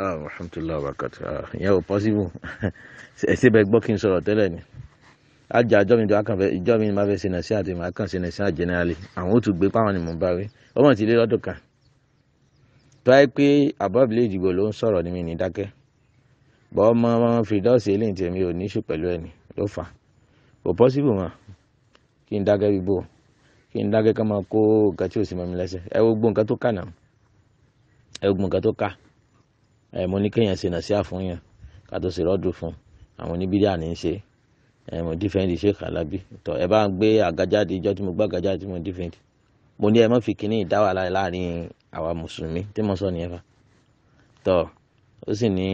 Ah, alhamdulilah wakati ah, ìyẹn ò pọ́sibú ẹsẹ bẹ gbọ́ kí n sọ̀rọ̀ tẹ́lẹ̀ ni ajá ìjọ mi ìjọ mi máa fẹ́ ṣe nàṣẹ́ àti màá kàn ṣe nàṣẹ́ gbé páwọn ni mò ń bá wí ọmọ ti lé lọ́dún kan tó yẹ pé àbábílẹ̀ ìdìbò ló ń sọ̀rọ̀ ní mi ní dákẹ́ bọ́ ọmọ fìdọ́ọ̀sì eléyìí ò ní ṣù pẹ̀lú ló fà ò pọ́sibú mọ́ kí n dákẹ́ kí n dákẹ́ máa kó nǹkan tí ò sí mọ́ mi lẹ́sẹ̀ ẹ nǹkan tó kà náà ẹ mo ní kéèyàn ṣe nàṣíà fún yàn ká tó ṣe rọ́dù fún àwọn oníbídà ní í ṣe ẹ mo dífẹ́ǹdì Sheikh Alabi tọ ẹ bá ń gbé àgájáde ìjọ tí mo gbá àgájáde tí mo dífẹ́ǹdì mo ní ẹ má fi kínní ìdáwàlá láàrin àwa mùsùlùmí tí mo sọ nìyẹn fa tọ ó sì ní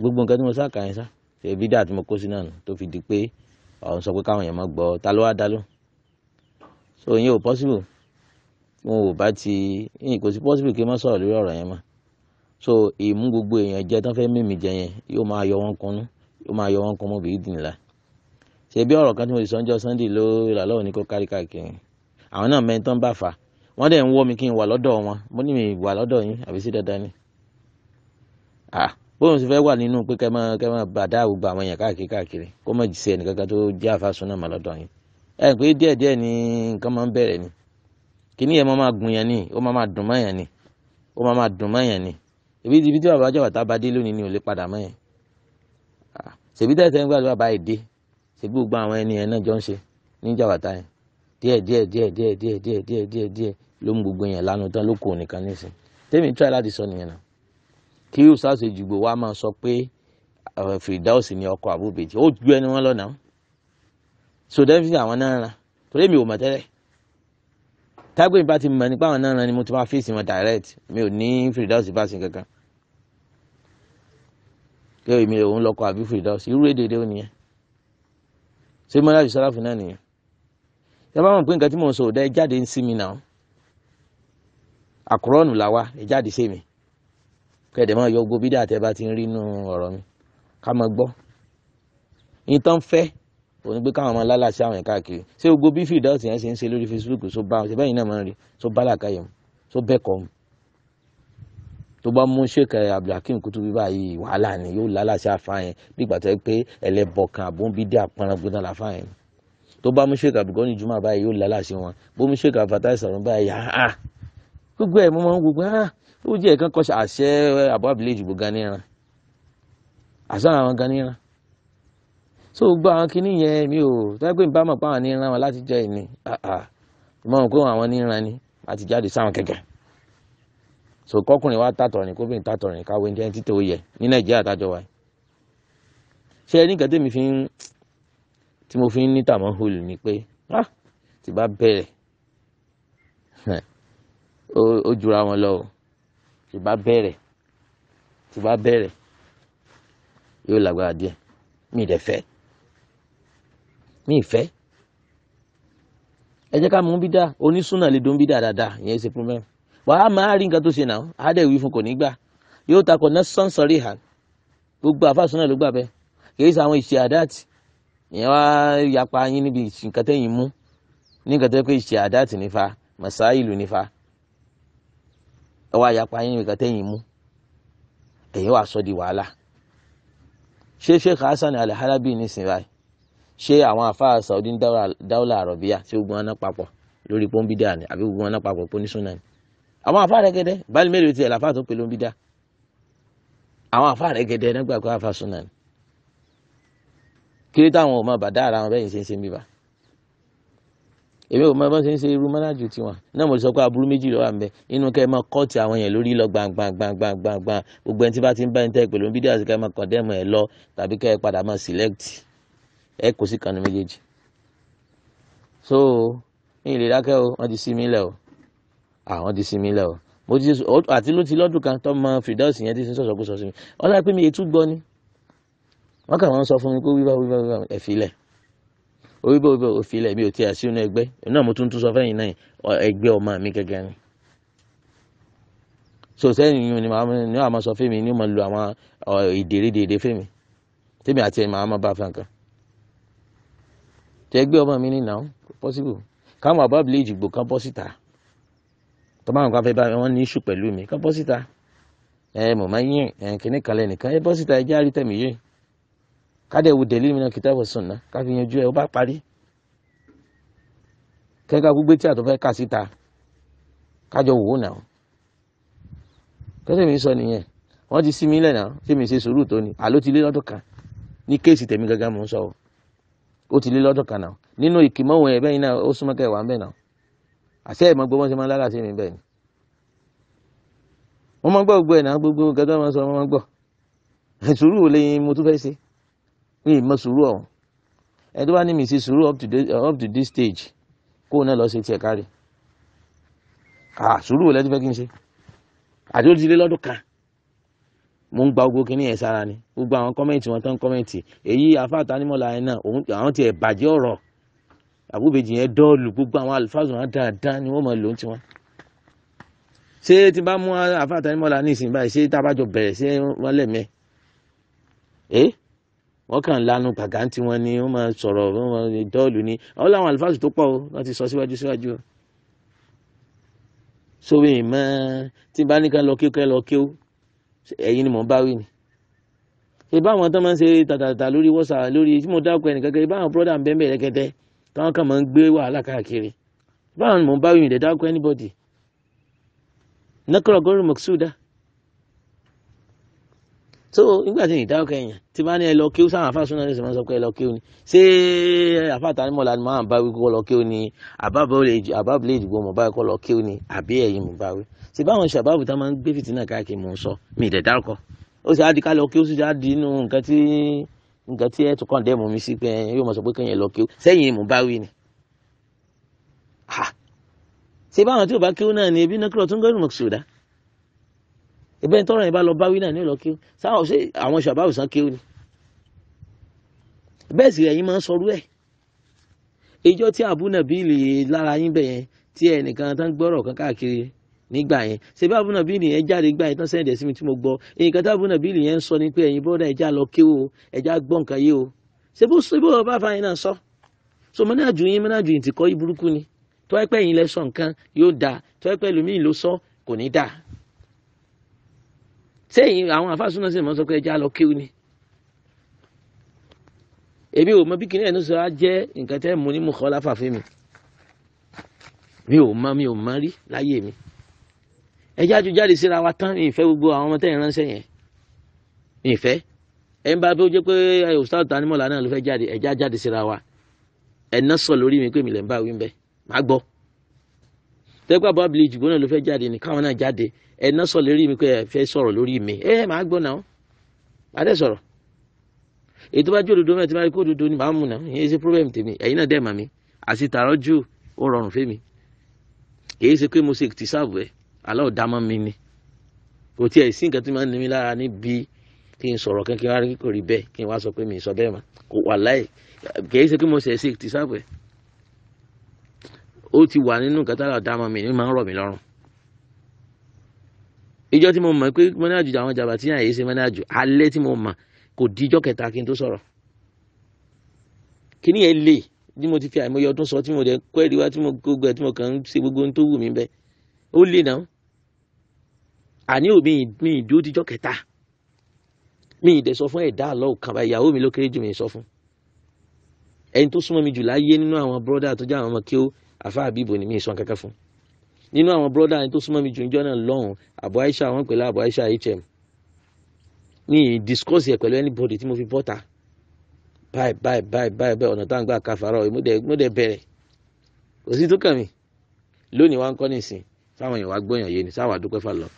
gbogbo nǹkan tí mo sáà kà yẹn sá ṣe bídà tí mo kó sí náà nù tó fi di pé ọ̀hún sọ pé káwọn èèyàn má gbọ́ ta ló wá dá ló so ìyẹn ò possible wọn ò bá ti ìyẹn kò sí possible kí n má sọ̀rọ̀ lórí ọ̀rọ̀ yẹn mọ́ so ìmú gbogbo èèyàn jẹ tán fẹ́ mímì jẹ yẹn yóò máa yọ wọn kúnnú yóò máa yọ wọn kúnnú bíi ìdìnnìlá ṣe bí ọ̀rọ̀ kan tí mo ti sọ ọjọ́ Sunday ló rà lọ́wọ́ ní kó kárí káàkiri àwọn náà mẹ́rin tán bá fà wọ́n dẹ̀ ń wọ́ mi kí n wà lọ́dọ̀ wọn mo ní mi wà lọ́dọ̀ yín àbí sí dandan ni bóun sì fẹ́ wà nínú pé kẹ́mọ́ kẹ́mọ́ bàdá àwùgbà àwọn èèyàn káàkiri káàkiri kó mọ̀ jìsẹ́ ẹnìkankan tó jẹ́ àfàsùn náà mà lọ́dọ̀ yín ẹ ni nǹkan máa ń bẹ̀rẹ̀ ni kíní yẹn máa máa gùn yẹn ni ebi ibi tí bàbá jàbàtà bá dé lónìí ni ò lè padà mọ́ yẹn ṣèbí tẹ̀sẹ̀ ń gbàdúrà bá èdè ṣèbí gbogbo àwọn ẹni yẹn náà jọ ń ṣe ní jàbàtà yẹn díẹ̀ díẹ̀ díẹ̀ díẹ̀ díẹ̀ díẹ̀ díẹ̀ díẹ̀ díẹ̀ ló mú gbogbo yẹn lánàá tán ló kù nìkan nísìn tèmi tíráì láti sọ nìyẹn náà kí yóò sáà ṣe jùgbò wa máa sọ pé fìdáòsì ni ọkọ àbúbèjì ó ju ẹni wọn lọ́nà sódẹ́fì àwọn náà ra torí mi ò mọ̀ tẹ́lẹ̀ tágbé mi bá ti mọ̀ nípa àwọn náà ni mo ti máa fèsì wọn direct mi ò ní fìdáwọ̀sì bá sin kankan kí èmi ò ń lọkọ àbí fìdáwọ̀sì irú èdè ìdẹ́wò nìyẹn ṣé mọ́lá àbí sọ́láfù náà nìyẹn ṣé bá mọ̀ pé nǹkan tí mò ń sọ òdà ẹ jáde ń sí mi náà àkùrọ́ọ̀nù làwa ẹ jáde sí mi kẹ̀dẹ̀ máa yọ gbogbo bídà tẹ́ bá ti ń rí nínú ọ̀rọ̀ mi ká máa gbọ́ ìtàn fẹ́ẹ́ òní pé káwọn ọmọ lálàsí àwọn ẹ̀ka kiri ṣé gbogbo bí fìdáwọ̀tì yẹn ṣe ń ṣe lórí Facebook so bá ṣe bẹ́yìn náà máa ń rí so bá làkàyè mu so bẹ́ẹ̀ kọ́ mu tó bá mú Sheikh Abdulhakeem Kutubi báyìí wàhálà ni yóò lálàsí àfáàyàn bí ìgbà tó yẹ pé ẹlẹ́bọ̀kan àbọ̀nbídé àpọ̀nrangúndà làfáàyàn tó bá mú Sheikh Abdulgani Juma báyìí yóò lálàsí wọn bó mú Sheikh Abdulfatai Sarun báyìí yàrá gbogbo ẹ̀ mo máa ń gbogbo ah ó jẹ́ ẹ̀kan kọ́ àṣẹ àbọ̀ àbílẹ̀ ìdìbò ganiran àṣà àwọn ganiran so gbogbo àwọn kinní yẹn mi ò tọ́jú pé nbámọ̀ pa àwọn níran wọn láti jọ ẹ̀mí ìmọ̀ òun pé àwọn níran ni àti jáde sáwọn kẹ̀kẹ́ so kọkùnrin wa tàtọ̀ ni kóbìnrin tàtọ̀ ni káwé ní ẹni títò yẹ ní nàìjíríà tájọ wa ṣe ẹni kan tèmi fi ń tí mo fi ń ní tàmọ́ hùl ni pé ah, tí bá bẹ̀rẹ̀ ó jura wọn lọ o tí bá bẹ̀rẹ̀ tí bá bẹ̀rẹ̀ yóò lágbára díẹ̀ mi ì dẹ̀ fẹ́ẹ́ mi ìfẹ́ ẹ jẹ́ ká mú bídà onísùnà lè dún bídà dáadáa ìyẹn ṣe problem wàá máa rí nǹkan tó ṣe náà á dẹ̀ wí fún kò ní gbà yóò takò nẹ́sán sọ̀rí ìhà gbogbo àfàsùnà ló gbà bẹ́ẹ̀ kìí ṣe àwọn ìṣe àdáàtì ìyẹn wá yapa yín níbi nǹkan tẹ́yìn mú ní nǹkan tẹ́ pé ìṣe àdáàtì nífa màsáìlù nífa ẹ wá yapa yín níbi nǹkan tẹ́yìn mú ẹ̀yẹ́ wàá sọ di wàhálà ṣé Sheikh Hasan Al-Halabi nísìnyí báyìí ṣé àwọn àfáà Saudi dáwọ́là àrọ̀bíyà ṣé gbogbo wọn náà papọ̀ lórí pọ́ńbídà ni àbí gbogbo wọn náà papọ̀ pọ́nísùnà ni àwọn àfáà rẹ̀ gẹ́dẹ́ báyìí mélòó tiẹ̀ làfáà tó pe lóńbídà àwọn àfáà rẹ̀ gẹ́dẹ́ nígbà pé àfáà sùnà ni kiri táwọn ò mọ bàdá ara wọn bẹ́yìn ṣe ń ṣe ń bíbá èmi ò mọ bá ṣe ń ṣe irú mọ́nájú tiwọn náà mo sọ pé aburú méjì ló wà ń bẹ inú kẹ́ ẹ máa kọ́ọ̀tì àwọn yẹn lórí lọ gbàngbàngbàngbàngbà gbogbo ẹni tí bá ti ń bá ẹni tẹ́ ìpèlú bídíò àti kẹ́ ẹ máa kọ̀dẹ́mọ̀ ẹ lọ tàbí kẹ́ ẹ padà máa sílẹ́kìtì ẹ kò sí kanu méjèèjì so mi ìlera kẹ́ o wọ́n ti sí mi lẹ̀ o àwọn ti sí mi lẹ̀ o mo ti àti ló ti lọ́dún kan tọ́ mọ fìdọ́ọ̀sì yẹn ti sin sọ̀sọ̀ kó sọ sí mi ọlọ́run pé mi ètú gbọ́ ni wọ́n kà wọ́n sọ fún mi pé wíwá wíwá wíwá ẹ̀ filẹ̀ oríbó oríbó òfilẹ̀ mi ò tiẹ̀ sínú ẹgbẹ́ náà mo tún tún sọ fẹ́yìn náà ẹgbẹ́ ọmọ mi gẹ́gẹ́ ni so sẹ́yìn yìí ni màá sọ fún mi ni mo lu àwọn ìdèrèdèrè fún mi tèmi àti ẹ̀ màá má bá fún nǹkan tẹ́ gbé ọmọ mi ní now possible káwọn àbá abúlé ìjìgbò kan bọ́ síta tọ́ bá wọn kan fẹ́ bá wọn ní iṣu pẹ̀lú mi kan bọ́ síta ẹ mọ̀ máa yín ẹ kìíní kan lẹ́nìkan ẹ bọ́ síta ẹ jẹ́ àrítẹ̀mí yìí kádẹ wo dẹ̀lí mi náà kìtà wọ̀ sùn náà káfí yanjú ẹ ó bá parí kẹ́ka gbogbo tí àtọ́ fẹ́ kà síta kájọ wò ó nà ó mi sọ nìyẹn wọ́n ti sí mi lẹ́nà ṣé mi ṣe sùúrù tó ni àló ti lé lọ́dún kan ní kéèsì tẹ̀mí gangan mò ń sọ ọ́ ó ti lé lọ́dún kan náà nínú ìkìmọ̀ òun ẹ̀bẹ́ yìí náà ó súnmọ́ kẹ́ wà ń bẹ̀ náà àṣẹ ìmọ̀ gbogbo ṣe máa ń lára sí mi bẹ́ẹ̀ ni wọ́n máa ń gbọ́ gbogbo ẹ̀ náà gbogbo nǹkan tó máa ń sọ wọ́n máa ń gbọ́ sùúrù ò lẹ́yìn mo tún fẹ́ ṣe mi ì mọ sùúrù ọ̀hún ẹ tó bá ní mi sí sùúrù up to this stage kó o náà lọ ṣe tiẹ̀ kárí sùúrù ò lẹ́tí fẹ́ kí n ṣe àti ó ti lé lọ́dún kan mo ń gba ogo kínní ẹ̀ sára ni gbogbo àwọn kọ́mẹ̀ntì wọn tán kọ́mẹ̀ntì èyí àfáàtà anímọ̀lá yẹn náà àwọn tiẹ̀ bàjẹ́ ọ̀rọ̀ àbúbejì yẹn dọ́ọ̀lù gbogbo àwọn alifásùn wọn dáadáa ni wọ́n mọ̀ ló ń tiwọn. ṣé tí bá mú àfáàtà anímọ̀lá ní ìsìn báyìí ṣé tábàjọ bẹ̀rẹ̀ ṣé wọ́n lẹ̀mẹ́ ẹ́ wọ́n kàn lanu pàgántì wọn ni wọ́n máa sọ̀rọ̀ dọ́ọ̀lù ni àwọn ẹ̀yin ni mò ń bá wí ni ìbá àwọn tó máa ń ṣe tàtàtà lórí wọ́sà lórí tí mo dákọ ẹnìkankan ìbá àwọn brọ́dà ń bẹ́ẹ̀ bẹ́ẹ̀ rẹ́kẹ́tẹ́ táwọn kan máa ń gbé wàhálà káàkiri ìbá àwọn ni bá wí ni ìdẹ́dákọ anybody. nakọ̀rọ̀ gọ́rùn-ún mọ̀kúsùdà so nígbà tí ìdáwọ́ kẹyìn tí bá ní ẹ lọ kí ó sáwọn àfa súná ní ìsìnkú sọ pé ẹ lọ kí ó ní ṣé àfa àtànímọ̀lá ni máa bá wí kó lọ kí ó ní àbábọ̀lẹ̀ ìdìbò mọ̀ báyìí kó lọ kí ó ní àbí ẹ̀yìn mọ̀ báwí ṣé báwọn ṣàbábù tá máa ń gbé fìtínà káàkiri mò ń sọ mi ìdẹ̀ dárúkọ ó sì á di ká lọ kí ó sì á di inú nǹkan tí nǹkan tún kàn dé mú mi ìbẹ́ tọ́rọ̀ yẹn bá lọ báwí náà ní ìlọ kéwù sáwọn ṣé àwọn ṣàbáwò sàn kéwù ni bẹ́ẹ̀ sì ẹ̀yin máa ń sọrú ẹ̀ ìjọ tí àbúnàbílì lára yín bẹ̀ yẹn tí ẹnìkan tán gbọ́rọ̀ kan káàkiri nígbà yẹn ṣebí àbúnàbílì yẹn jáde gbà yẹn tán sẹ́ǹdẹ̀ sí mi tí mo gbọ́ nǹkan tí àbúnàbílì yẹn ń sọ ni pé ẹ̀yin bọ́dà ẹja lọ kéwù ẹja gbọ́ nǹkan yé o ṣe bó ṣe bó bá fa yín náà sọ so mọ́nàjù yín mọ́nàjù yín ti kọ́ yín burúkú ni tọ́ẹ́pẹ́ yín lẹ sọ nǹkan yóò dáa tọ́ẹ́pẹ́ lómi yín ló sọ kò ní dáa sẹ́yìn àwọn àfáàsùn náà sì mọ́ sọ pé ẹja lọ kéwù ni èmi ò mọ bí kìnìún ẹni sọ á jẹ́ nǹkan tẹ́ mo ní mo kọ́ láfàfin mi mi ò mọ mi ò mọ rí láyé mi ẹja ju jáde síra wa tán ìfẹ́ gbogbo àwọn ọmọ tẹ́yìn ránṣẹ́ yẹn ìfẹ́ ẹ̀ ń bá bí ó jẹ́ pé ustaz tanimọ̀lá náà ló fẹ́ jáde ẹja jáde síra wa ẹ̀ná sọ lórí mi pé mi lè ń bá wí ń bẹ́ má gbọ́ tẹ́gbà bá abilé náà ló fẹ́ jáde ní káwọn náà jáde ẹ ná sọ lérí mi pé ẹ fẹ́ sọ̀rọ̀ lórí mi ẹ ẹ máa gbọ́ náà máa dẹ̀ sọ̀rọ̀ èyí tó bá jó òdodo mẹ́ta máa kó òdodo ni màá mú náà ìyẹn ṣe problem tèmi ẹ̀yin náà dẹ̀ mà mí àti tààrọ́ jù ó rọrùn fẹ́mi kìí ṣe pé mo ṣe ti sáàbù ẹ aláwọ̀ dá mọ́ mi ni kò tiẹ̀ sí nǹkan tó máa ń ní mi lára níbi kí n sọ̀rọ̀ kí n wá rí kò rí bẹ́ẹ̀ kí n wá sọ pé mi sọ bẹ́ẹ̀ mà kò wà láì kìí ṣe pé mo ṣe ti sáàbù ẹ ó ti wà nínú nǹkan tó aláwọ̀ dá mọ́ mi ni máa ń rọ̀ mí lọ́rùn ìjọ tí mo mọ̀ pé mọ́nájú àwọn jàbàtí yàn èyí ṣe mọ́nájú alẹ́ tí mo mọ̀ kò díjọ́ kẹta kí n tó sọ̀rọ̀ kíní yẹn lè bí mo ti fi àìmọye ọdún sọ tí mo dẹ̀ kọ́ ẹ̀rí wá tí mo gbogbo ẹ̀ tí mo kàn ń ṣe gbogbo ohun tó wù mí bẹ́ẹ̀ ó lè náà àní òbí mi ìdúró díjọ́ kẹta mi ìdẹ̀ sọ fún ẹ̀dá àlọ́ òkàbà ìyàwó mi ló kéré jù mí sọ fún ẹni tó súnmọ́ mi jù láyé nínú àwọn bọ́dà tó jẹ́ àwọn ọmọ kí ó àfáà bíbò ni mi sọ kankan fún nínú àwọn brọ́dà tó súnmọ́ mi jù níjọ́ náà lọ́hùn àbọ̀ aisha wọn pẹ̀lú àbọ̀ aisha hm ní discuss yẹ pẹ̀lú anybody tí mo fi bọ́ta báyìí báyìí báyìí báyìí báyìí ọ̀nà táwọn gbà mo ìmúdẹ bẹ̀rẹ̀ kò sí tó kàn mí lónìí wa ń kọ́ nìsín sáwọn èèyàn wa gbóyàn yé ni sáwọn àdúpẹ́ fà lọ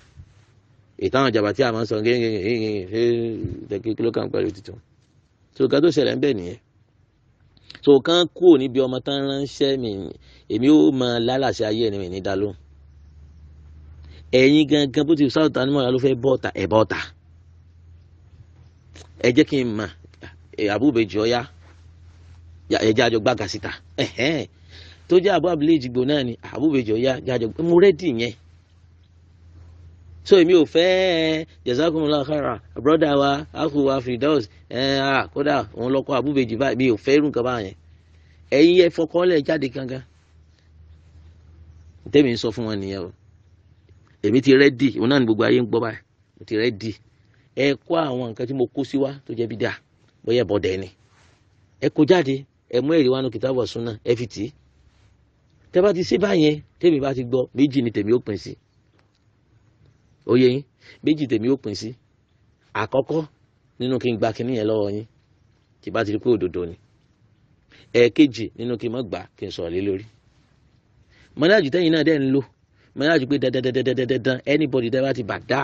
ìtàn àjàbà tí a máa ń sọ gẹ́gẹ́ gẹ́gẹ́ gẹ́gẹ́ kí ló kàn pẹ̀lú tuntun tó ga tó ṣẹlẹ̀ ń bẹ̀ nìyẹn so kán kúrò níbi ọmọ tán ránṣẹ́ mi èmi ó mọ lálàṣẹ ayé ẹni mi ní dá lóhùn ẹ̀yin gangan bó ti sáwọ́ ta ni mọ̀ra ló fẹ́ bọ́ ọ̀tà ẹ̀ bọ́ ọ̀tà ẹ jẹ́ kí n mà ya ọ̀yá ẹ̀jẹ̀ àjọ gbága síta tó jẹ́ àbú abúlé ìjìgbò mo rẹ́dì yẹn so èmi ò fẹ́ ẹ eh, jazakumullahu khairan broda wa akuwa Firdaus ẹ eh, a ah, kódà òun lọkọ abúbejì báyìí mi ò fẹ́ irú nǹkan báyẹn ẹ̀yin ẹ fọkànlẹ̀ jáde gangan tẹ́mi ń sọ fún wọn nìyẹn o èmi ti rẹ́dì òun náà ní gbogbo ayé ń gbọ́ báyìí mo ti rẹ́dì ẹ kó àwọn nǹkan tí mo kó sí wa tó jẹ́ bí dáa bóyá bọ́dẹ̀ ni ẹ kó jáde ẹ mú èrè wánu kìtàbù sunna ẹ fi tì í tẹ́ bá ti ṣe báyẹn tẹ́mi bá ti gbọ́ méjì ni tèmi ó pín sí i ó yé yín méjì tèmi ó pín sí àkọ́kọ́ nínú kí n gba kinní yẹn lọ́wọ́ yín tí bá ti rí pé òdodo ni ẹ̀ẹ̀kejì nínú kí n mọ̀ gbà kí n sọ̀rọ̀ lé lórí mọ́dájú tẹ́yìn náà dẹ́ ń lò mọ́dájú pé dandandandandandan anybody tẹ́ bá ti bà dá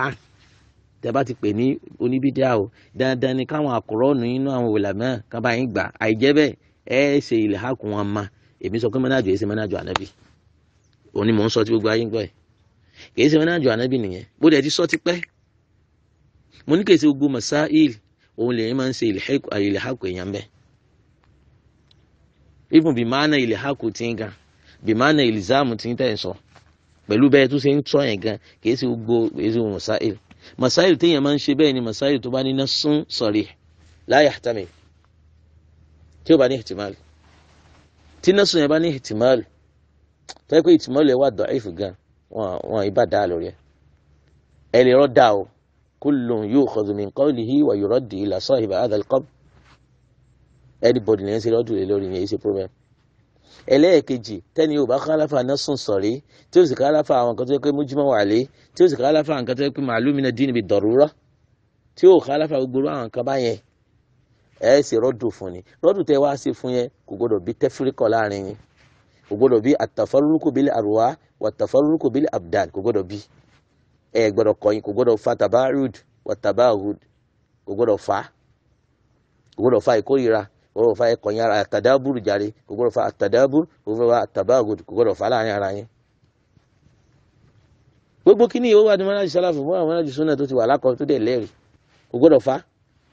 tẹ́ bá ti pè ní oníbídíà o dandan ni káwọn àkùrọ́ọ̀nù inú àwọn òlàmọ́ kan bá yín gbà àìjẹ́ bẹ́ẹ̀ ẹ ṣe ilẹ̀ hákùn wọn ma èmi sọ pé mọ́nájú ẹ ṣe mọ́nájú ànábì òní mò ń sọ tí gbogbo ayé ń gbọ́ ẹ̀ kì í ṣe mẹ́nájú ànábì nìyẹn bó dẹ̀ ti sọ ti pẹ́ mo ní kì í ṣe gbogbo masáìl òun lèyìn máa ń ṣe ìlẹ̀hàkù èèyàn bẹ́ẹ̀ even bí máa na ìlẹ̀hàkù tí ń gan bí máa na ìlìzáàmù tí ń tẹ̀ sọ pẹ̀lú bẹ́ẹ̀ tó ṣe ń tọ́ yẹn gan kì í ṣe gbogbo èso masáìl masáìl téèyàn máa ń ṣe bẹ́ẹ̀ ni masáìl tó bá níná sún sọ̀rí la yahtamil tí ó bá ní ihtimal tí náà sún yẹn bá ní ihtimal tẹ́ pé ihtimal yẹn wà da'if gan wọn ìbá dá lórí ẹ ẹ lè rọ́dà o kullun yukhadhu min qawlihi wa yuraddu ila sahibi hadha al-qabr everybody lè ń ṣe lọ́dún lè lórí yẹn ṣe problem ẹlẹ́ẹ̀kejì tẹ́ni ò bá kálàfà náà sùn sọ̀rí tí ó sì kálàfà àwọn kan tó yẹ pé mújúmọ́ wà lé tí ó sì kálàfà àwọn kan tó yẹ pé màálù mi náà dín níbi dọ̀rúrọ́ tí ó kálàfà gbogbo àwọn kan báyẹn ẹ ṣe rọ́dù fún ni rọ́dù tẹ wá sí fún yẹn kò gbọdọ̀ bí tẹ́fúríkọ̀ láàrin yín kò gbọ́dọ̀ bí àtàfárúkú bílẹ̀ àrùwá wàtàfárúkú bílẹ̀ abdal kò gbọ́dọ̀ bí ẹ gbọ́dọ̀ kọ̀yìn kò gbọ́dọ̀ fa tabarud wàtàbáhud kò gbọ́dọ̀ fa kò gbọ́dọ̀ fa ìkórira kò gbọ́dọ̀ fa ìkọ̀yìn ara àtàdábùrù jàre kò gbọ́dọ̀ fa àtàdábùrù kò gbọ́dọ̀ fa àtàbáhud kò gbọ́dọ̀ fa láàrin ara yẹn. gbogbo kíní ìwé wa ni mọ́nájú sálàfù fún àwọn mọ́nájú súnà tó ti wà lákọ̀ọ́ tó dẹ̀ lẹ́rìí kò gbọ́dọ̀ fa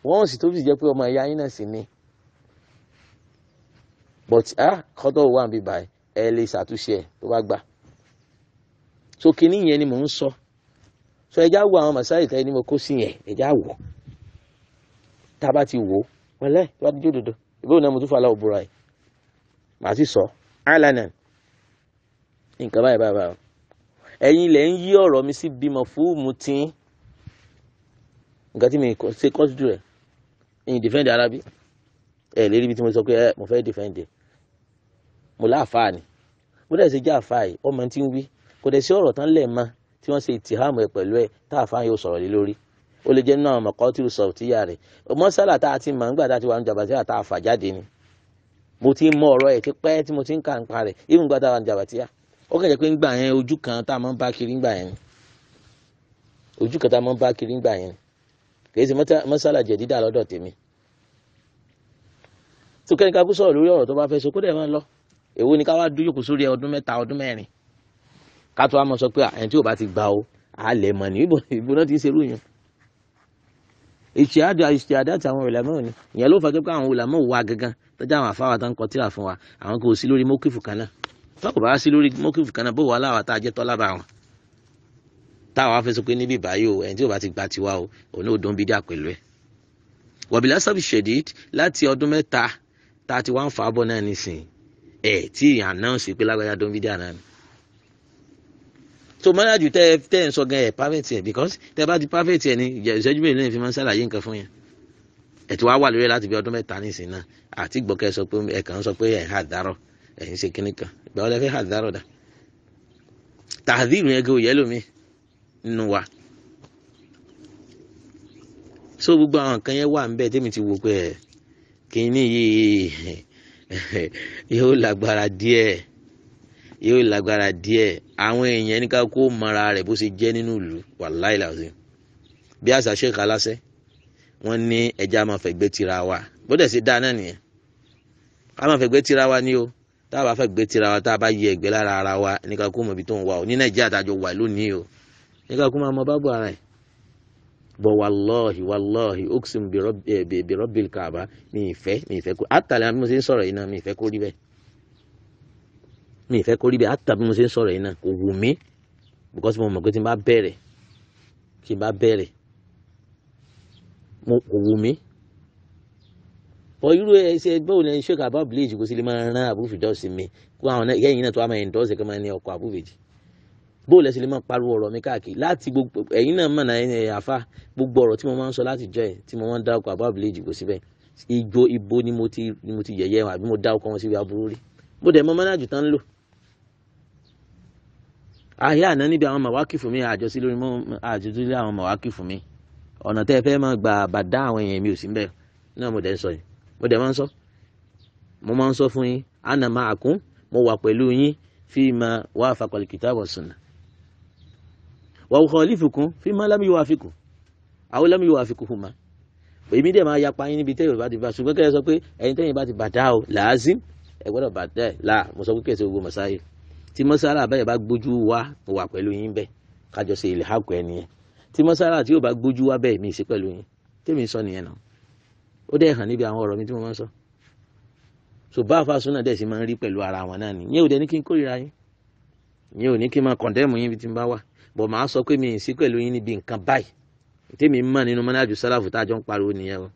wọ́n sì tó fi jẹ́ pé ọmọ ìyá ah kọ́tọ̀ wà ń bí báyìí ẹ lè ṣàtúnṣe ẹ tó bá gbà so kinní yẹn ni mò ń sọ so ẹja wo àwọn màsáì tẹ́ ni mo kó sí yẹn ẹja wò tá a bá ti wò wọlé tó bá ti jó dodo ìbéèrè náà mo tún fàlà òbúra ẹ màá sì sọ alana nǹkan báyìí báyìí báyìí ẹ̀yin lẹ ń yí ọ̀rọ̀ mi sí bímọ fúùmù tí nǹkan tí mi ṣe kọ́sìdù rẹ̀ ẹ̀yin dìfẹ́ǹdì arábí ẹ̀ lérí ibi tí mo sọ pé ẹ mo fẹ́ dìfẹ́ǹdì mo láàfáà ni bó dẹ̀ ṣe jẹ́ àfáà yìí ọmọ tí ń wí kò dẹ̀ sí ọ̀rọ̀ tán lẹ̀ mọ́ tí wọ́n ṣe ìtìhámù ẹ̀ pẹ̀lú ẹ̀ tá àfáà yóò sọ̀rọ̀ lé lórí ó lè jẹ́ nínú àwọn ọmọkọ́ tí ó sọ̀rọ̀ tí yà rẹ̀ mọ́sálà tá a ti mọ̀ nígbà tá a ti wà ní jàbàtíyà tá a fà jáde ni mo ti mọ ọ̀rọ̀ ẹ̀ ti pẹ́ tí mo ti ń kà ń pa rẹ̀ even nígbà tá a wà ní jàbàtíyà ó kàn jẹ́ pé ńgbà yẹn ojú kan tá a máa ń bá kiri ńgbà yẹn ojú kan tá a máa ń bá kiri tó kẹ́ni kakú sọ̀rọ̀ lórí ọ̀rọ̀ tó bá fẹ́ sọ kó dẹ̀ máa lọ èwo ni ká wá dúró kò sórí ọdún mẹ́ta ọdún mẹ́rin ká tó wá mọ sọ pé ẹni tí ò bá ti gbà ó àlẹ̀ mọ̀ ní ìbò náà ti ń serú yẹn ìṣèádọ́ ìṣèádọ́ àti àwọn ìlànà òní ìyẹn ló fà tó pé àwọn ìlànà wà gangan tọ́jú àwọn àfáwà tó ń kọ tíra fún wa àwọn kò sí lórí mọ́kìfù kan náà tọ́kù bá sí lórí mọ́kìfù kan náà bó wàhálà wa tá a jẹ́ tọ́lá bá wọn táwa fẹ́ pé níbi báyìí o ẹni tí ò bá ti gba ẹ tí ì announce pé lágbájá tó ń fídíò àná mi so mọ́lájú tẹ́ tẹ́ ń sọ gan ẹ̀ perfect ẹ̀ because tẹ́ bá ti perfect ẹ̀ ni ìṣẹ́jú mélòó lẹ́yìn fi máa ń ṣàlàyé nǹkan fún yẹn ẹ̀ tí wàá wà lórí láti bí ọdún mẹ́ta nísìnyí náà àti gbọ́kẹ́ sọ pé ẹ̀ kàn ń sọ pé ẹ̀ hà dárọ̀ ẹ̀ ń ṣe kínní kan ìgbà wọlé fẹ́ hà dárọ̀ dá tàdírù yẹn gan òye lómi nínú so gbogbo àwọn nǹkan yẹn wà yóò lágbára díẹ̀ yóò lágbára díẹ̀ àwọn èèyàn ní ká kó mara rẹ̀ bó ṣe jẹ́ nínú ìlú wàláì làzim bí àṣà ṣèkà aláṣẹ wọn ní ẹja máa fẹ̀gbẹ́ tira wa bódẹ̀ sí dáa nìyẹn ká máa fẹ̀gbẹ́ tira wa ní o tá a bá fẹ̀gbẹ́ tira wa tá a bá yẹ ẹ̀gbẹ́ lára ara wa ní ká kó mọ̀ ibi tó ń wà o ní nàìjíríà tá a jọ wà lónìí o ní ká kó máa mọ bábọ̀ ara ẹ̀ bọ̀ wàlọ́ọ̀hì wàlọ́ọ̀hì oxum bìrọ̀bìl kàbá mi ìfẹ́ mi ìfẹ́ kó àtàlẹ́ àbí mo ṣe ń sọ̀rọ̀ yìí náà mi ìfẹ́ kó rí bẹ́ẹ̀ mi ìfẹ́ kó rí bẹ́ẹ̀ àtàbí mo ń sọ̀rọ̀ yìí náà kò wù mí because mo mọ̀ pé tí n bá bẹ̀rẹ̀ tí n bá bẹ̀rẹ̀ kò wù mí bọ irú ẹsẹ ẹgbẹ́ òní ṣé kàbá bìlẹ̀jì kò sí lè máa rán àbúfìdọ́sì mi kó àwọn ẹ̀yìn náà tó wà máa endorse kí bóòlù ẹsẹ lè máa pariwo ọ̀rọ̀ mi káàkiri láti gbogbo ẹ̀yin náà mọ̀ náà ẹ̀yin àfa gbogbo ọ̀rọ̀ tí mo máa ń sọ láti jọ ẹ̀ tí mo máa ń dárúkọ àbá òbílẹ̀ ìjìgbò síbẹ̀ ìgbò ìbò ni mo ti ni mo ti yẹ̀yẹ́ wọn àbí mo dárúkọ wọn síbi aburú rí mo dẹ̀ mọ mọ́nájú tán ń lò. ayé àná níbi àwọn màwákì fún mi àjọ sí lórí àjọ sí àwọn màwákì fún mi ọ̀nà tẹ́ fẹ́ máa gbà bàdá àwọn èèyàn mi ò sí bẹ́ẹ̀ náà mo dẹ̀ ń sọ yìí mo dẹ̀ máa ń sọ mo máa ń mo wà pẹ̀lú yín fíìmà wà wà ó khalifukum fi ma lam yuwafikum àwọn lam yuwafikuhuma èmi dẹ̀ máa yapa yín níbi tẹ́ yorùbá ti bá ṣùgbọ́n kẹ́ ẹ sọ pé ẹ̀yin tẹ́yin bá ti bàtà o làásìm ẹ gbọ́dọ̀ bàtà ẹ̀ là mo sọ pé kẹ́sẹ̀ gbogbo mọ̀sáyé tí mọ́sálà báyìí bá gbójú wa mo wà pẹ̀lú yín bẹ́ẹ̀ kájọ ṣe ilẹ̀ hàkọ́ ẹ nìyẹn tí mọ́sálà tí yóò bá gbójú wa bẹ́ẹ̀ mi ì sí pẹ̀lú yín tèmi sọ nìyẹn náà ó dẹ̀ hàn níbi àwọn ọ̀rọ̀ mi tí mo máa ń so bá àfàsùn náà dẹ̀ sì máa ń rí ara wọn náà ni ìyẹn ò dẹ̀ ní kí n kórìíra yín ìyẹn ò ní kí n máa kọ̀ndẹ́mù yín bí ti ń bọ̀ màá sọ pé mi ì sí pẹ̀lú yín níbi nǹkan báyìí tèmi mọ̀ nínú mọ́nájú sálàfù tájọ ń pariwo nìyẹn o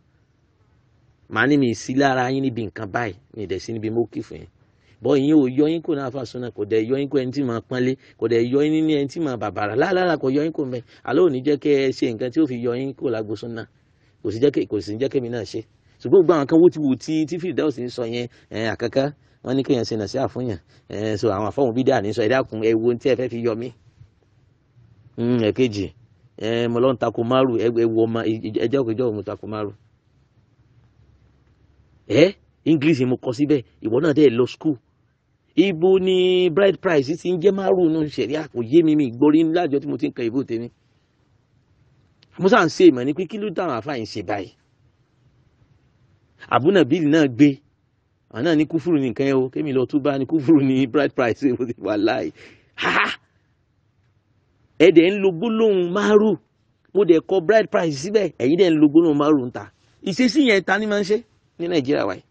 màá ní mi ì sí lára yín níbi nǹkan báyìí mi ì dẹ̀ sí níbi mọ́kì fún yín bọ́ ìyín ò yọ yín kò náà fà sunna kò dẹ̀ yọ yín kó ẹni tí máa pọ́nlé kò dẹ̀ yọ yín ní ẹni tí máa bàbàrà láàlára kò yọ yín kò mẹ́ àlọ́ òní jẹ́ kẹ́ ẹ ṣe nǹkan tí ó fi yọ yín kó lágbo sunna kò sì jẹ́ kẹ́ kò sì jẹ́ kẹ́mi náà ṣe ṣùgbọ́n gbogbo àwọn kan wó ti wò tí tí fìdáwò sì ń sọ yẹn àkàkà wọn ní kéèyàn ṣe nà sí àfúnyàn so àwọn àfọwọ́n bídà ní sọ ẹ̀dá kun ẹ wo ohun tí ẹ fẹ́ fi yọ mí ẹ̀kejì mm, mọlọ́n tako márùn ẹwu ọmọ ẹjọ́ kejọ́ ọmọ tako márùn ẹ english mo kọ síbẹ̀ ìwọ náà dẹ̀ lọ school ibo ni bride price ti ń jẹ́ márùn nù sẹ̀rí àpò yé mi mi gbórí tí mo ti ń ka ìbò tèmi musa ń ṣe ìmọ̀ pé kí ló dáhùn ṣe báyìí àbúnà bíìlì náà gbé àwọn náà o kémi lọ tún bá ní ní price wà láì ẹ dẹ̀ ń lo gbólóhùn márùn mo dẹ̀ kọ bride price síbẹ̀ ẹ̀yin dẹ̀ ń lo gbólóhùn márùn ta ìṣesí yẹn ta ni máa ń ṣe ní nàìjíríà wáyé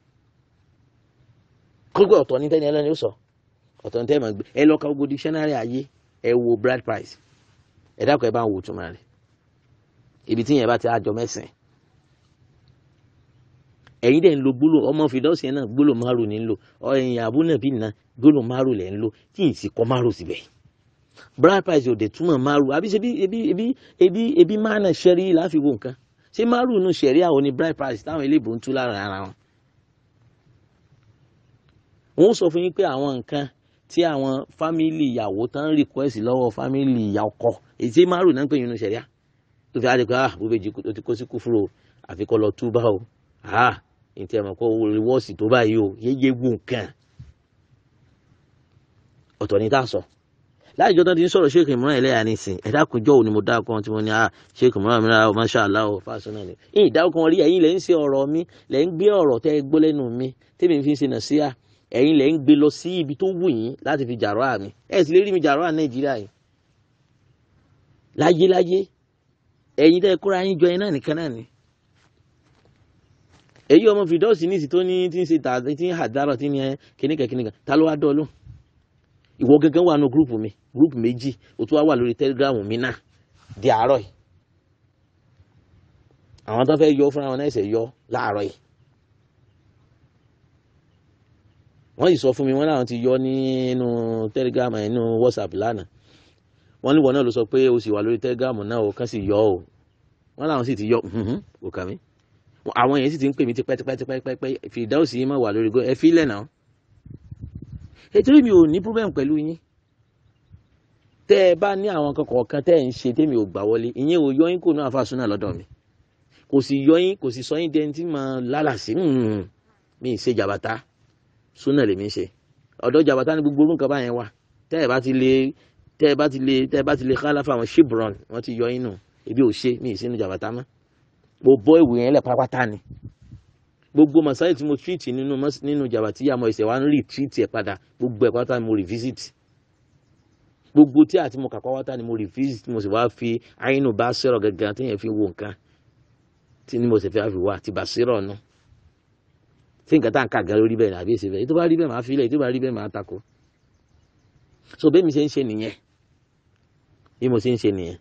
kókó ọ̀tọ̀ ní tẹ́ni ẹlẹ́ni ó sọ ọ̀tọ̀ ní tẹ́ni máa gbé ẹ lọ gbogbo dictionary ayé ẹ wo bride price ẹ dákọ̀ ẹ bá ń wo túmọ̀ rẹ̀ ibi tí yẹn bá ti àjọ mẹ́sìn ẹ̀yin dẹ̀ ń lo gbólóhùn ọmọ fìdọ́sì yẹn náà gbólóhùn márùn ní ń lò ẹ̀yin àbúnàbí náà gbólóhùn márùn lẹ̀ ń lò tí ì sì kọ́ márùn síbẹ̀ yìí bride price ò dẹ̀ túmọ̀ márù àbí ṣe bí ebi ebi ebi ebi máa nà ṣẹ́rí láfi wo nǹkan ṣé márù nù ṣẹ̀rí àwọn ni bride price táwọn eléèbó ń tú lára ara wọn. wọ́n sọ fún yín pé àwọn nǹkan tí àwọn fámìlì ìyàwó tán ń request lọ́wọ́ fámìlì ìyá ọkọ èyí tí márù náà ń pè yín nù ṣẹ̀rí à tó fi á di pé ah bó bèjì o ti kó sí kúfúrò àfi kọ́ lọ túbà o ah ìtì ẹ̀mọ̀ kọ́ rewọ́ọ̀sì tó báyìí o yéye wo nǹkan ọ̀tọ̀ ni tá a sọ. So láti jọ́ tán ti ń sọ̀rọ̀ Sheikh Imran Eleya nísìn ẹ̀dá kunjọ́ òní mo dákọ̀ tí mo ní a ah, Sheikh Imran Eleya o masha fásánà ni ìyìn dákọ̀ rí ẹ̀yin lẹ́ ń ṣe ọ̀rọ̀ mi lẹ́ ń gbé ọ̀rọ̀ tẹ́ ẹ gbọ́ lẹ́nu mi tèmi fi ń ṣe nàṣíà ẹ̀yin lẹ́ ń gbé lọ sí ibi tó wù yín láti fi jàrọ́ àmì ẹ̀ sì lè rí mi jàrọ́ à Nàìjíríà yìí láyé láyé ẹ̀yin tẹ́ kóra yín jọ ẹ náà nìkan náà ni èyí ọmọ fìdọ́ọ̀sì ìwọ gangan wà nù gúrùpù mi group méjì ó tún wá wà lórí telegram mi náà di àárọ̀ yìí àwọn tó fẹ́ yọ fúnra wọn náà ṣe yọ láàárọ̀ yìí wọ́n yìí sọ fún mi wọ́n láwọn ti yọ nínú telegram nínú whatsapp lánàá wọ́n ní wọn náà ló sọ pé o sì wà lórí telegram náà o kàn sì yọ o wọ́n láwọn sì ti yọ kò kàn mí àwọn yẹn sì ti ń pè mí ti pẹ́tipẹ́tipẹ́tipẹ́ fìdáwòsì yìí má wà lórí go ẹ fílẹ̀ náà ètò mi ò ní problem pẹ̀lú yín tẹ́ ẹ bá ní àwọn nǹkan kọ̀ọ̀kan tẹ́ ẹ ń ṣe tẹ́mi ò gbà wọlé ìyẹn ò yọyín kò ní àfàsúnà lọ́dọ̀ mi kò sì yọyín kò sì sọyín dẹni tí mà á lálà sí hmm, mi ṣe jàbàtà súnà lèmi ṣe ọ̀dọ̀ jàbàtà ni gbogbo orúkọ báyẹn wà tẹ́ ẹ bá ti lè tẹ́ ẹ bá ti lè tẹ́ ẹ bá ti lè kálàfà àwọn shibron wọ́n ti yọyín nù ebi ò ṣe mi ìsínú jàbàtà mọ́ mo bọ́ ìwé yẹn lẹ̀ pápátá ni gbogbo masáyì tí mo tírìtì nínú jàbàtì yà mọ́ ìṣẹ̀wá ń rí tírìtì ẹ̀ padà gbogbo ẹ̀ pátá mo rìfísìtì gbogbo tí àti mo kà pàwátá ni mo refuse tí mo sì wá fi àyínú bá sọ̀rọ̀ gangan tí yẹn fi wo nǹkan tí ni mo sì fi wá ti bá sọ̀rọ̀ náà tí nǹkan tá à ń kà gan lórí bẹ́ẹ̀ ni àbí èsì bẹ́ẹ̀ tó bá rí bẹ́ẹ̀ máa filẹ̀ tó bá rí bẹ́ẹ̀ máa takò so bẹ́ẹ̀ mi ṣe ń ṣe nìyẹn bí mo ṣe ń ṣe nìyẹn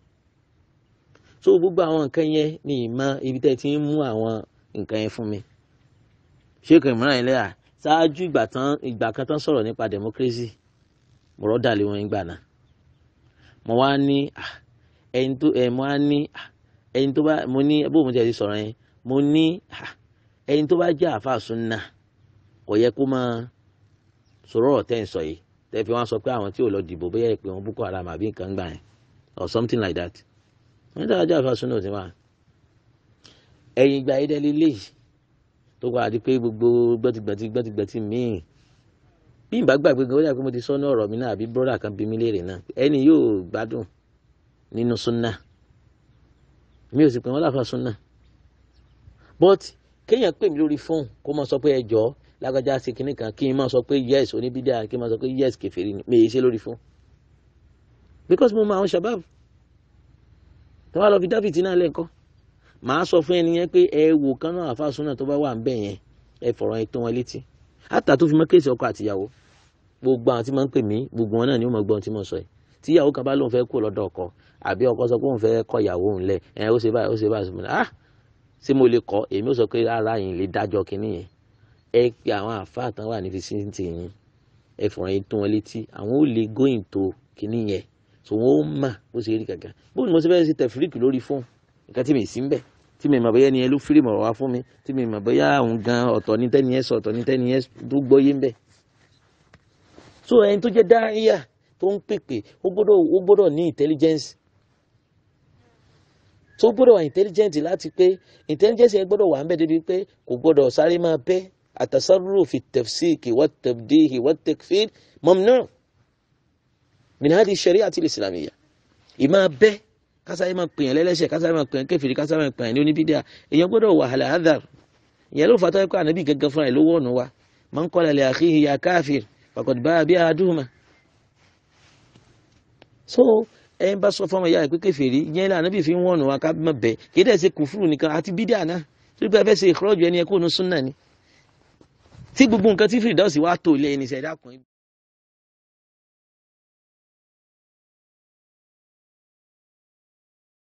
so gbogbo àwọn nǹkan yẹn ni ìmọ̀ ibi tẹ́ ti ń mú àwọn nǹkan yẹn fún mi ṣé kò ìmúràn yẹn lẹ́yà ṣáájú ìgbà kan tán sọ̀rọ̀ nípa democracy mọ̀rọ̀ dàlẹ́ wọn ìgbà náà mo wá ní ah, ẹni tó ẹ mo wá ní ah, ẹni tó bá mo ní bó mo ti ẹ̀ sọ̀rọ̀ yẹn mo ní ah, ẹni tó bá jẹ́ àfa sunna kò yẹ kó máa sọ̀rọ̀ ọ̀tẹ̀ ń yìí tẹ́ fi wọ́n sọ pé àwọn tí ò lọ dìbò bóyá ìpè wọn Boko Haram àbí nǹkan gbà yẹn or something like that wọ́n dára jẹ́ àfa sunna òsínwá ẹ̀yìn ìgbà ayédèlélẹ́yìí tó kọ́ àti pé gbogbo gbẹ́tìgbẹ́tì gbẹ́tìgbẹ́tì míì bí n bá gbàgbé gan ó dà pé mo ti sọ́nà ọ̀rọ̀ mi náà àbí brọ́dà kan bí mi léèrè náà ẹni yóò gbádùn nínú súnà mi ò sì pè wọ́n láfa súnà but kéèyàn pè mí lórí fóònù kó máa sọ pé ẹ jọ̀ọ́ lágbájá ṣe kinní kan kí n máa sọ pé yes oníbídà kí n máa sọ pé yes kèfèrí ni mi ṣe lórí fóònù because mo mọ àwọn shabab tó wá lọ fi david náà lẹ́ẹ̀kọ́ màá sọ fún ẹni yẹn pé ẹ wò kánú àfa súnà tó bá wà ń bẹ̀ yẹn ẹ fọ̀rọ̀ ẹ tó wọn létí hátà tó fi mọ́ kéèsì ọkọ àtìyàwó gbogbo àwọn tí máa ń pè mí gbogbo wọn náà ni ó mọ̀ gbọ́n tí mo sọ yìí tíyàwó kan bá lóun fẹ́ kú lọ́dọ̀ ọkọ àbí ọkọ sọ pé òun fẹ́ kọ ìyàwó òun lẹ̀ ẹ̀ ó ṣe báyìí ó ṣe báyìí ah ṣé mo lè kọ́ èmi ó sọ pé ara yìí lè dájọ́ kínní yẹn ẹ pe àwọn àfáà tán wà ní fisíǹtì yín ẹ fọ̀rọ̀ yín tún wọn létí àwọn ò lè go into kínní yẹn so wọn ó mà bó ṣe rí gàgà bó ni mo ṣe fẹ́ ṣe tẹ̀fíríkì lórí fóònù nǹkan tí mi ì sí ń bẹ̀ tí mi mọ̀ bóyá ẹni ẹ ló fírì mọ̀ wá fún mi tí mi mọ̀ bóyá òun gan ọ̀tọ̀ ní tẹ́ni ẹ sọ ọ̀tọ̀ ní tẹ́ni ẹ tó gbọ́yé ń bẹ̀. so ẹni tó jẹ́ dáríyà tó ń pèpè ó gbọ́dọ̀ ó gbọ́dọ̀ ní intelligence tó gbọ́dọ̀ wà intelligent láti pé intelligence yẹn gbọ́dọ̀ wà ń bẹ̀ débi pé kò gbọ́dọ̀ sáré máa bẹ́ àtàsárúrò fi tafsiki wa tabdihi wa takfir mamnu min hadi shari'ati al-islamiyya ìmáa bẹ́ẹ̀ kásáyé máa pèyàn lẹ́lẹ́ṣẹ̀ kásáyé máa pèyàn kèfèrí kásáyé máa pèyàn ní oníbídíà èèyàn gbọ́dọ̀ wà hàlẹ́ àdàr ìyẹn ló fàtọ́ ẹ̀kọ́ ànábì gẹ́gẹ́ fúnra ẹ̀ ló wọ̀nù wa man qala li akhihi ya kafir faqad ba'a bi aduhuma. so ẹ ń bá sọ fún ọmọ ìyá rẹ pé kèfèrí ìyẹn là ànábì fi ń wọ̀nù wa ká má bẹ̀ kì í dẹ̀ ṣe kùfúrù nìkan àti bídíà náà tó ni tí gbogbo nǹkan tí fìdáwọ̀sì wa tó ilé ẹni ṣẹ̀dá